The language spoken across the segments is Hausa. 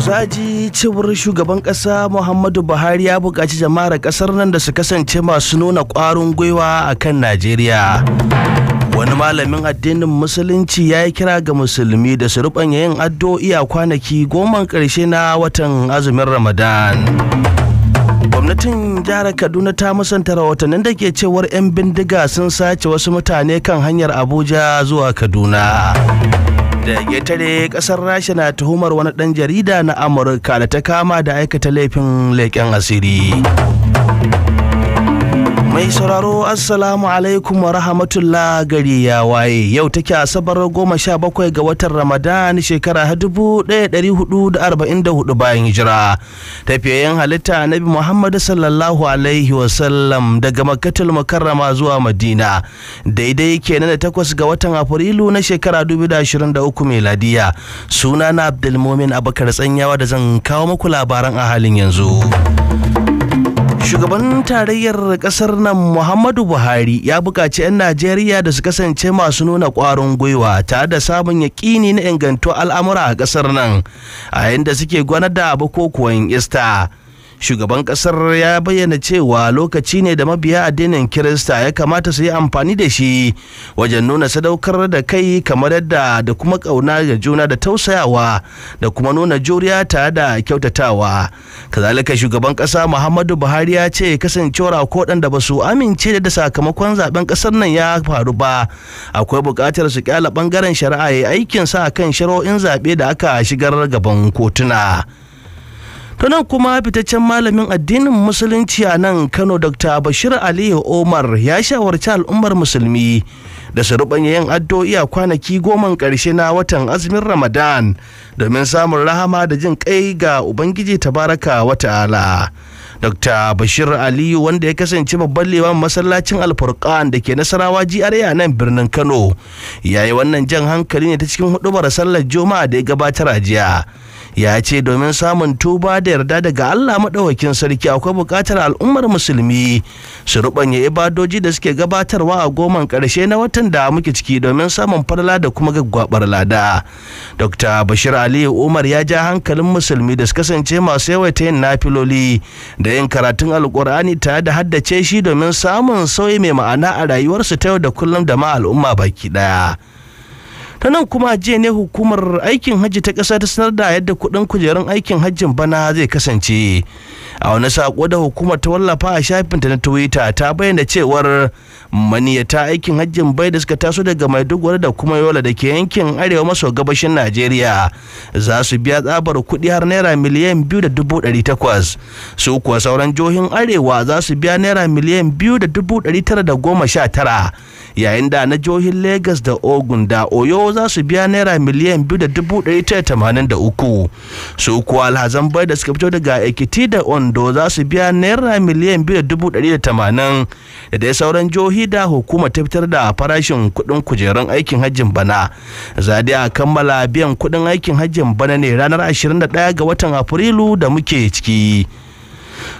To cewar shugaban kasa Muhammadu Buhari ya buƙaci jama'ar kasar nan da su kasance masu nuna ƙwarin gwiwa a kan Najeriya. Wani malamin addinin Musulunci ya yi kira ga Musulmi da su ruɓanya yin addu'o'i a kwanaki goma ƙarshe na watan azumin Ramadan. gwamnatin jihar kaduna ta musanta rahotannin da ke cewar 'yan bindiga sun sace wasu mutane kan hanyar abuja zuwa kaduna da ya tare kasar rasha na tuhumar wani dan jarida na amurka da ta kama da aikata laifin leƙen asiri Mai sauraro Assalamu alaikum wa rahmatullah gari ya waye yau take asabar goma sha bakwai ga watan Ramadan shekara dubu ɗaya ɗari hudu da arba'in da hudu bayan hijira. Tafiyayyen halitta Nabi Muhammad sallallahu alaihi sallam daga Makkatul makarrama zuwa Madina daidai kenan da takwas ga watan Afrilu na shekara dubu da ashirin da uku meladiya. Sunana Abdulmumin Abakar Tsanyawa da zan kawo muku labaran a halin yanzu. shugaban tarayyar kasar nan muhammadu buhari ya buƙaci 'yan najeriya da su kasance masu nuna ƙwarin gwiwa tare da samun yaƙini na ingantuwar al'amura a kasar nan a yayin da suke gwanar da bukukuwan ista shugaban kasar ya bayyana cewa lokaci ne da mabiya addinin kirista ya kamata su yi amfani da shi wajen nuna sadaukar da kai kamar yadda da kuma ƙauna ga juna da tausayawa da kuma nuna juriya tare da kyautatawa kazalika shugaban ƙasa muhammadu buhari ya ce kasancewar ko da ba su amince da sakamakon zaben ƙasar nan ya faru ba akwai buƙatar su kyala ɓangaren shari'a ya aikin sa kan shari'o'in zaɓe da aka shigar gaban kotuna. to nan kuma fitaccen malamin addinin musulunci a nan kano dr bashir aliyu omar ya shawarci al'ummar musulmi da su rubanya yin addu'o'i a kwanaki goman ƙarshe na watan azumin ramadan domin samun rahama da jin kai ga ubangiji tabaraka wa ta'ala dr bashir aliyu wanda ya kasance babban lewan masallacin alfurkan da ke nasarawa GRA a nan birnin kano ya yi wannan jan hankali ne ta cikin hudubar sallar juma'a da ya gabatar a jiya ya ce domin samun tuba da yarda daga Allah maɗaukakin sarki akwai buƙatar al'ummar musulmi su rubanya ibadoji da suke gabatarwa a goman ƙarshe na watan da muke ciki domin samun farla da kuma gaggwabar lada dr bashir ali umar ya ja hankalin musulmi da su kasance masu yawaita yin nafiloli da yin karatun alƙur'ani tare da haddace shi domin samun sauyi mai ma'ana a rayuwarsu ta yau da kullum da ma al'umma baki ɗaya ta nan kuma jiya ne hukumar aikin hajji ta ƙasa ta sanar da yadda kuɗin kujerun aikin hajjin bana zai kasance a wani sako da hukumar ta wallafa a shafinta na twitter ta bayyana cewar maniyata aikin hajjin bai da suka taso daga maiduguri da kuma yola da ke yankin arewa maso gabashin najeriya za su biya tsabar kuɗi har naira miliyan biyu da dubu ɗari takwas su kuwa sauran johin arewa za su biya naira miliyan biyu da dubu ɗari tara da goma sha tara yayin da na jihohin lagos da ogun da oyo za su biya naira miliyan biyu da dubu ɗari tara tamanin da uku su kuwa alhazan bai da suka fito daga ekiti da ondo za su biya naira miliyan biyu da dubu ɗari da tamanin da dai sauran jihohi da hukuma ta fitar da farashin kuɗin kujerun aikin hajjin bana za dai kammala biyan kuɗin aikin hajjin bana ne ranar ashirin da ɗaya ga watan afrilu da muke ciki.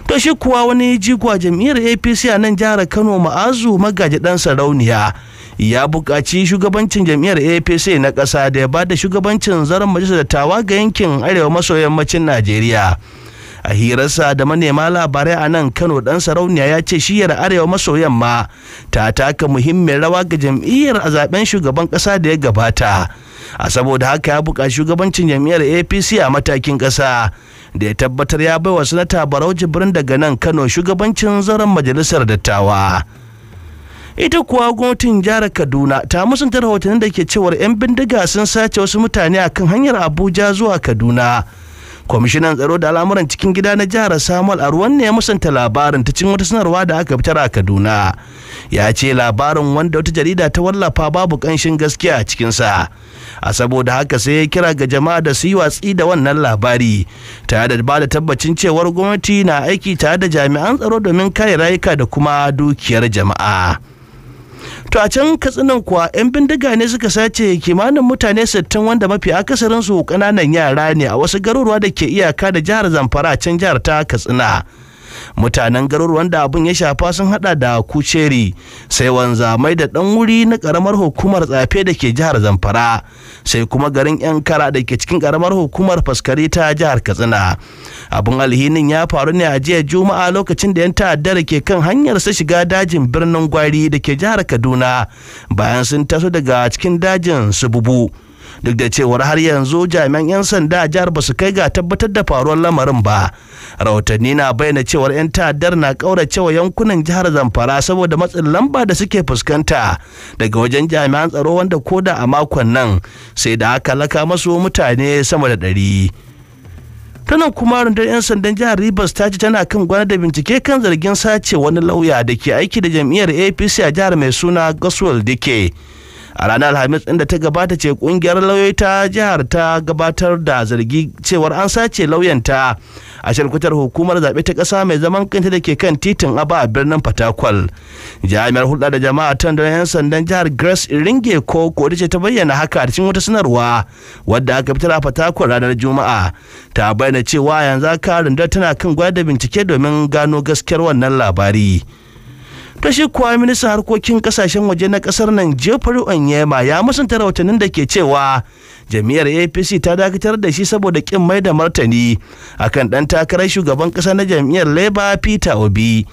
to shi kuwa wani jigwa jam'iyyar apc a nan jihar kano ma'azu magaji dan sarauniya ya buƙaci shugabancin jam'iyyar apc na ƙasa da ya ba da shugabancin zaren majalisar dattawa ga yankin arewa maso yammacin najeriya a hirarsa da manema labarai a nan kano dan sarauniya ya ce shiyar arewa maso yamma ta taka muhimmin rawa ga jam'iyyar a zaben shugaban kasa da ya gabata a saboda haka ya buƙaci shugabancin jam'iyyar apc a matakin ƙasa da ya tabbatar ya baiwa sanata barau jibrin daga nan kano shugabancin zaren majalisar dattawa ita kuwa gwamnatin jihar kaduna ta musanta rahotannin da ke cewar 'yan bindiga sun sace wasu mutane a kan hanyar abuja zuwa kaduna kwamishinan tsaro da al'amuran cikin gida na jihar samuel arwan ne ya musanta labarin ta cikin wata sanarwa da aka fitar a kaduna ya ce labarin wanda wata jarida ta wallafa babu kanshin gaskiya a cikinsa a saboda haka sai ya kira ga jama'a da su yi watsi da wannan labari tare da ba da tabbacin cewar gwamnati na aiki tare da jami'an tsaro domin kare rayuka da kuma dukiyar jama'a to a can katsinan kuwa yan bindiga ne suka sace kimanin mutane 60 wanda mafi akasarin su kananan yara ne a wasu garuruwa da ke iyaka da jihar zamfara a can jihar ta katsina mutanen garuruwan da abin ya shafa sun hada da kuceri sai wanzamai da dan wuri na karamar hukumar tsafe da ke jihar zamfara sai kuma garin yan kara da ke cikin karamar hukumar faskari ta jihar katsina abin alhinin ya faru ne a jiya juma'a lokacin da yan ta'addar ke kan hanyar su shiga dajin birnin gwari da ke jihar kaduna bayan sun taso daga cikin dajin su bubu duk da cewar har yanzu jami'an 'yan sanda jihar ba su kai ga tabbatar da faruwar lamarin ba rahotanni na bayyana cewar 'yan ta'addar na kauracewa yankunan jihar zamfara saboda matsin lamba da suke fuskanta daga wajen jami'an tsaro wanda koda a makon nan sai da aka laka masu mutane sama da ɗari tanan kuma rundar 'yan sandan jihar rivers ta ce tana kan gwana da bincike kan zargin sace wani lauya da ke aiki da jam'iyyar apc a jihar mai suna goswell dike a ranar alhamis inda ta gabata ce kungiyar lauyoyi ta jihar ta gabatar da zargi cewar an sace lauyanta a shirkutar hukumar zaɓe ta ƙasa mai zaman kanta da ke kan titin aba a birnin fatakwal jami'ar hulɗa da jama'a ta da 'yan sandan jihar grace iringe ko kodi ce ta bayyana haka a cikin wata sanarwa wadda aka fitar a fatakwal ranar juma'a ta bayyana cewa yanzu aka rundar tana kan gwada bincike domin gano gaskiyar wannan labari. Tashi kuwa ministan harkokin kasashen waje na kasar nan jeffrey onyema ya musanta rahotannin da ke cewa jami'ar apc ta dakatar da shi saboda kin mai da martani akan dan takarar shugaban kasa na jami'ar labour peter obi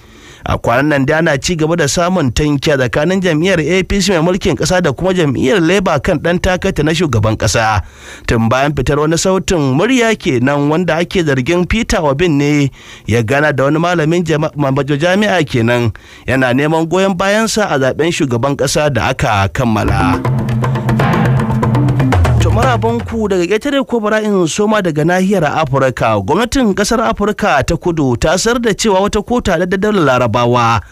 a kwanan nan da ana ci gaba da samun tankiya tsakanin jam'iyyar apc mai mulkin kasa da kuma jam'iyyar labour kan dan takaita na shugaban kasa tun bayan fitar wani sautin murya kenan wanda ake zargin peter obin ne ya gana da wani malamin jami'a kenan yana neman goyon bayansa a zaben shugaban kasa da aka kammala. marabanku daga ƙetare ko bara'in soma daga nahiyar afirka gwamnatin ƙasar afirka ta kudu ta sanar da cewa wata kota da daular larabawa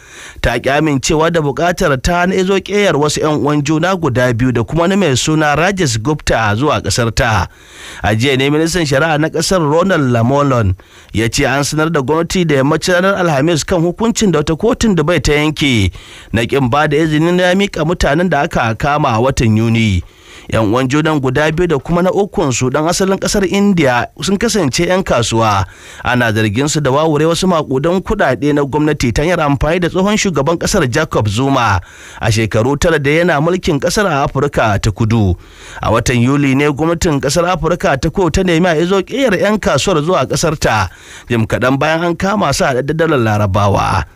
ta ƙi amincewa da buƙatar ta na izo ƙeyar wasu 'yan uwan juna guda biyu da kuma na mai suna Rajas gupta zuwa ƙasar ta a jiya ne ministan shari'a na ƙasar ronald lamolon ya ce an sanar da gwamnati da yammacin ranar alhamis kan hukuncin da wata kotun da bai ta yanke na ƙin ba da izinin ya miƙa mutanen da aka kama a watan yuni yan uwan jodan guda biyu da kuma na ukun su dan asalin kasar india sun kasance yan kasuwa ana zargin su da wawure wasu makudan kudade na gwamnati ta hanyar amfani da tsohon shugaban kasar jacob zuma a shekaru tara da yana mulkin kasar a afirka ta kudu a watan yuli ne gwamnatin kasar afirka ta ko ta nemi a izo kiyar yan kasuwar zuwa kasar ta jim kaɗan bayan an kama su a dalar larabawa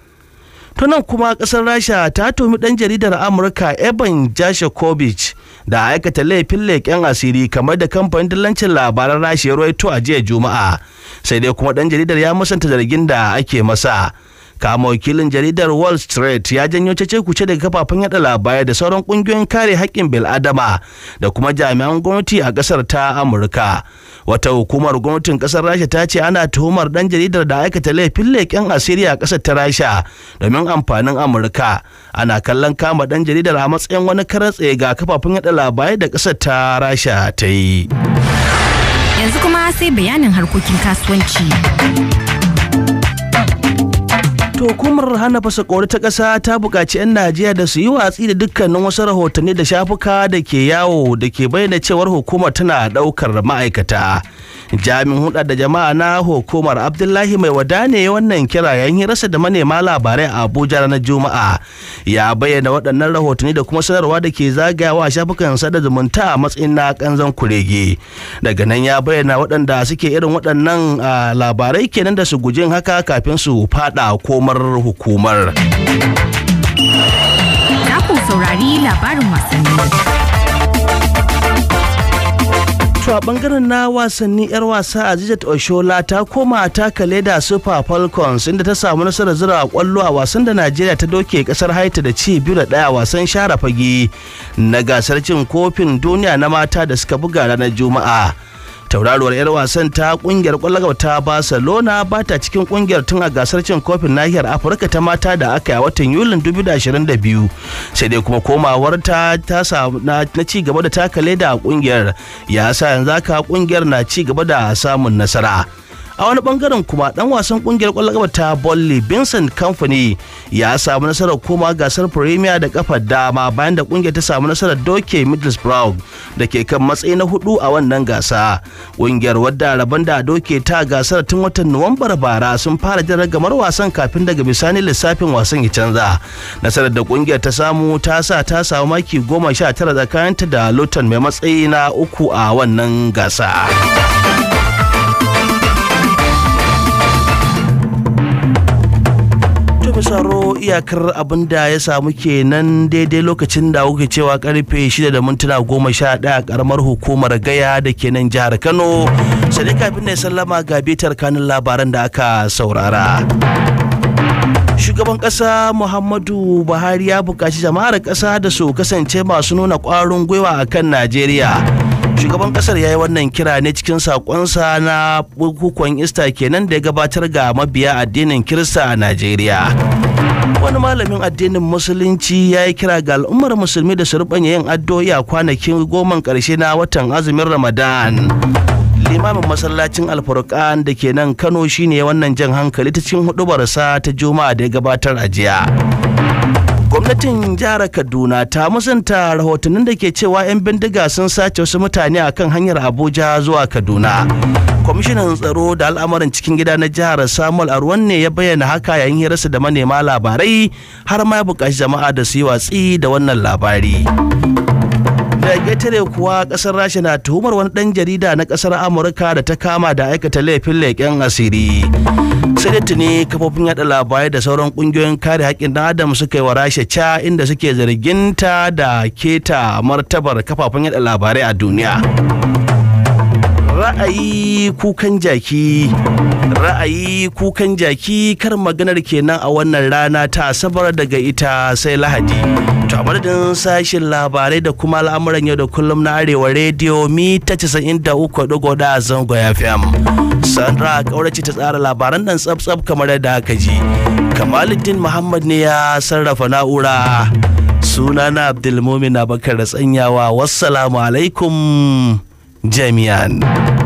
Tunan nan kuma kasar rasha ta tumi dan jaridar amurka Jashe jashakovic da aikata laifin leƙen asiri kamar da kamfanin dillancin labaran rasha ya a jiya juma'a sai dai kuma dan jaridar ya musanta zargin da ake masa kama wakilin jaridar wall street ya janyo cece kuce daga kafafen yada labarai da sauran kungiyoyin kare haƙƙin bil'adama da kuma jami'an gwamnati a ƙasar ta amurka wata hukumar gwamnatin ƙasar rasha ta ce ana tuhumar ɗan jaridar da aikata laifin leƙen asiri a ƙasar ta rasha domin amfanin amurka ana kallon kama ɗan jaridar a matsayin wani karatse ga kafafen yada labarai da ƙasar ta rasha ta yi yanzu kuma sai bayanin harkokin kasuwanci To hukumar hana fasa kori ta ƙasa ta buƙaci 'yan Najeriya da su yi watsi da dukkanin wasu rahotanni da shafuka da ke yawo da ke bayyana cewar hukumar tana ɗaukar ma'aikata. jami'in hulɗa da jama'a na hukumar abdullahi mai wada ne wannan kira yayin hirarsa da manema labarai a abuja ranar juma'a ya bayyana waɗannan rahotanni da kuma sanarwa da ke zagayawa a shafukan sada zumunta a matsayin na kanzan kurege daga nan ya bayyana waɗanda suke irin waɗannan labarai kenan da su guji haka kafin su faɗa komar hukumar. saurari labarin wasanni. To a bangaren na wasanni 'yar wasa Azizat Oshola ta koma kale da Super Falcons inda ta samu nasarar zira a kwallo a wasan da Najeriya ta doke kasar Haiti da ci biyu da ɗaya wasan share fage na gasar cin kofin duniya na mata da suka buga ranar Juma'a. tauraruwar 'yar wasan ta kungiyar kwallagaba ta barcelona ba ta cikin kungiyar tun a gasar cin kofin nahiyar afirka ta mata da aka yi a watan yulin 2022 sai dai kuma komawar ta ta na ci gaba da takale da kungiyar ya sa yanzu haka kungiyar na ci gaba da samun nasara a wani bangaren kuma dan wasan kungiyar kwallon kafa ta Bolly Vincent Company ya samu nasarar koma gasar Premier da kafar dama bayan da kungiyar ta samu nasarar doke Middlesbrough da ke kan matsayi na hudu a wannan gasa kungiyar wadda rabon da doke ta gasar tun watan Nuwambar bara sun fara jin ragamar wasan kafin daga bisani lissafin wasan ya canza nasarar da kungiyar ta samu ta sa ta samu maki goma sha tara tsakaninta da Luton mai matsayi na uku a wannan gasa. saro iyakar abin da ya samu kenan daidai lokacin da kuke cewa karfe 6 da mintuna goma sha karamar hukumar gaya da ke nan jihar kano sai kafin na sallama ga bitar kanin labaran da aka saurara shugaban ƙasa muhammadu buhari ya buƙaci jama'ar ƙasa da su kasance masu nuna ƙwarin gwiwa a kan najeriya shugaban kasar ya yi wannan kira ne cikin sakonsa na bukukuwan ista kenan da ya gabatar ga mabiya addinin kirista a najeriya wani malamin addinin musulunci ya yi kira ga al'ummar musulmi da su rubanya yin addu'o'i a kwanakin goman karshe na watan azumin ramadan limamin masallacin alfurkan da ke nan kano shine wannan jan hankali ta cikin hudubarsa ta juma'a da ya gabatar a jiya gwamnatin jihar kaduna ta musanta rahotannin da ke cewa 'yan bindiga sun sace wasu mutane a kan hanyar abuja zuwa kaduna kwamishinan tsaro da al'amarin cikin gida na jihar samuel arwan ne ya bayyana haka yayin hirarsa da manema labarai har ma ya buƙaci jama'a da su yi watsi da wannan labari daga getare kuwa kasar rasha na tuhumar wani dan jarida na kasar amurka da ta kama da aikata laifin leƙen asiri sai da tuni kafofin yada labarai da sauran ƙungiyoyin kare haƙƙin dan adam suka yi wa rasha ca inda suke zarginta da keta martabar kafafin yada labarai a duniya ra'ayi kukan jaki ra'ayi kukan jaki kar maganar kenan a wannan rana ta asabar daga ita sai lahadi to a madadin sashen labarai da kuma al'amuran yau da kullum na arewa rediyo mita 93.4 a zango fm sandra kaurace ta tsara labaran nan tsabtsab kamar yadda aka ji kamaluddin muhammad ne ya sarrafa na'ura Suna na abdulmumin abakar da tsanyawa wassalamu alaikum jami'an